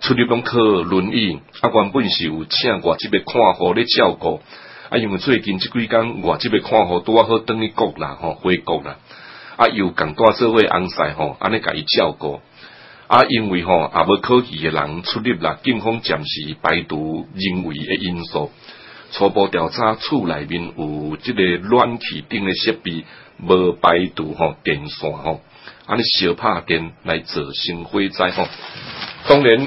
出入攏靠輪椅，啊原本是有請外籍的看護咧照顧，啊，因為最近即幾工外籍的看護拄啊好轉去國啦吼、喔、回國啦，啊，又共帶社會安塞吼，安尼甲伊照顧，啊，因為吼阿要可疑嘅人出入啦，警方暫時排除人為嘅因素，初步調查厝內面有即個暖氣頂嘅設備無排除吼電線吼，安尼小拍電來做成火災吼、喔，當然。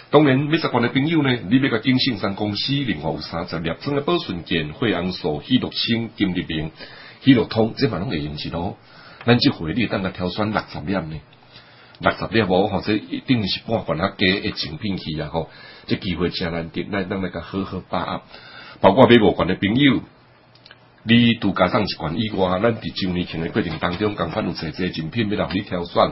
當然，買十罐的朋友呢？你要甲經先生公司，另外有三十粒，生嘅保存件，惠安鎖、希洛清、金立明、希洛通，即係乜都未用知道。嗱，你這回你等下挑選六十粒呢？六十粒我或者一定是半罐盒嘅精品去啊！吼，即機會真難得，嚟等嚟個好好把握。包括買五罐的朋友，你拄加上一罐以外，咱佇周年慶嘅過程當中，共款有姐姐精品俾你挑選。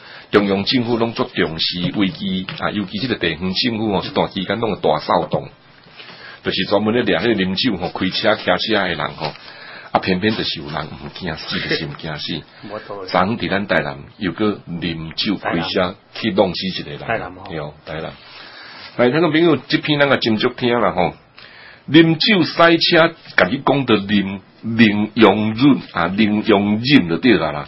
中央政府攏着重視危機啊，尤其是地方政府哦，這段時間攏有大騷動，就是專門咧掠迄個啉酒吼開車騎車嘅人吼、哦，啊偏偏就是有人唔驚死，唔驚死，昨昏佇咱台南又叫啉酒南開車南去弄死一個人。南有，對啦，聽南南朋友接片那個真足聽啦吼，啉、哦、酒塞車，甲你講得啉啉用忍啊，啉用忍就對啦。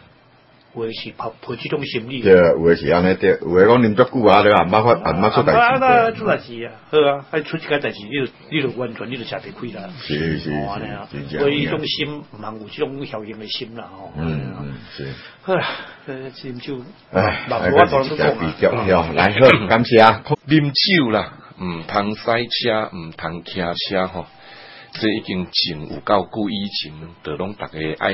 有是抱抱即種心理，對，係有安尼，對，啲，有時講啉咗久啊，你阿媽發，阿媽出大事，出大事啊，係啊，係出咗件大事，你就你就完全你就食唔開啦，係係係，所以種心毋通有即種僥幸誒心啦，哦，嗯嗯，好啦，喝飲酒，誒，係，今日真係畢業，好，嚟喝，感謝啊，飲酒啦，毋通塞車，毋通聽車，吼。即已經真有夠久以前了，得攏逐個愛。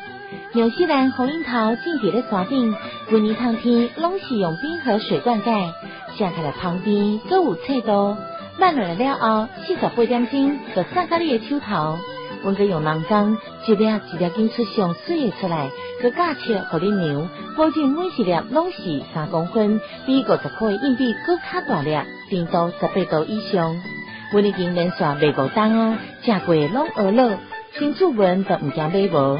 紐西蘭紅櫻桃淨底咧山頂，溫年燙天攏是用冰和水灌溉。下台了旁邊都有菜多，賣落來了後四十八點鐘就送到你嘅手頭。溫個用人工，一粒一粒揀出上水嘅出來，佮價錢合理牛。保證每一粒攏是三公分，比五十塊硬幣佫較大粒，甜度十八度以上。溫熱天連刷袂孤單啊，食過攏餓了，新出門都唔驚買無。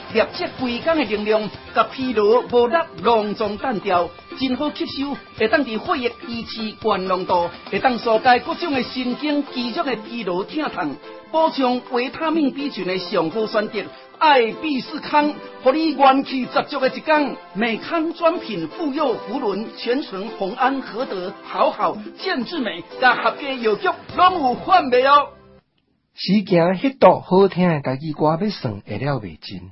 劣質貴鋼的能量，甲疲勞無力、囊腫、單調，真好吸收，會當治血液、以及、肝囊度，會當所在各種嘅神經肌肉嘅疲勞疼痛，補充維他命 B 群嘅上好選擇。愛必適康，予你元氣十足嘅一天。美康專品婦幼婦倫、全程紅安、合德、好好健之美，甲合家藥局攏有販賣哦。時行迄道好聽嘅家己歌要算會了袂盡。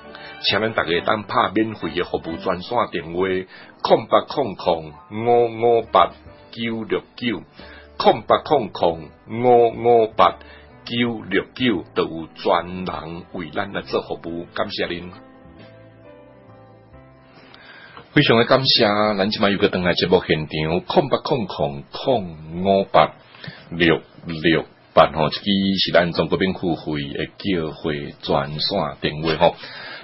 請恁大家當拍免費嘅服務專線電話：空八空空五五八九六九，空八空空五五八九六九，都有專人為恁來做服務。感謝恁，非常嘅感謝！恁今物又個登來節目現場，空八空空空五八六六八吼，即支是咱中國免費嘅叫會專線電話吼。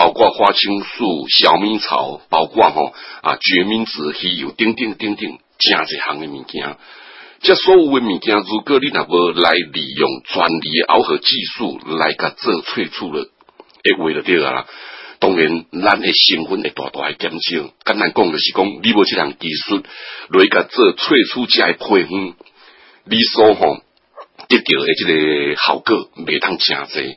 包括花青素、小米草，包括吼、哦、啊決明子，伊有等等等等正一行嘅物件。即所有嘅物件，如果你若要來利用專利熬合技術來甲做萃取了，會為着對了啦。當然，咱嘅成分會大大嘅減少。簡單講就是講，你無質項技術來甲做萃取只係配方，你所獲得到嘅這個效果未通正儕。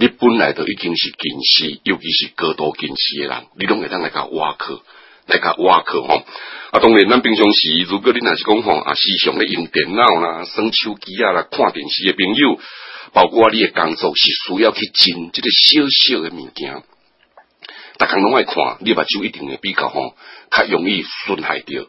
你本來都已經是近視，尤其是高度近視的人，你攏會通來甲伊挖殼、來甲伊挖殼吼。啊，當然咱平常時，如果你若是講吼，啊，時常咧用電腦啦、耍手機啊啦、看電視嘅朋友，包括你嘅工作是需要去近即個小小嘅物件，逐項攏愛看，你目睭一定會比較吼，較容易損害着。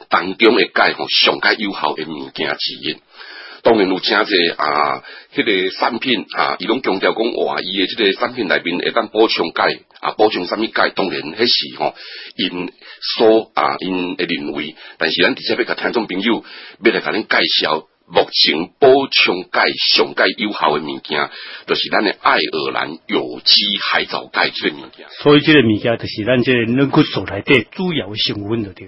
當中嘅鈣吼上蓋有效嘅物件之一，當然有誠濟啊，迄、那個產品啊，伊攏強調講哇伊嘅即個產品內面會當補充鈣啊，補充啥物鈣，當然迄是吼因、嗯、所啊，因誒認為，但是咱直接要甲聽眾朋友，要來甲你介紹目前補充鈣上蓋有效嘅物件，著、就是咱嘅愛爾蘭有機海藻鈣即個物件。所以即個物件，著是咱即個軟骨素內底誒豬油上温嗰啲。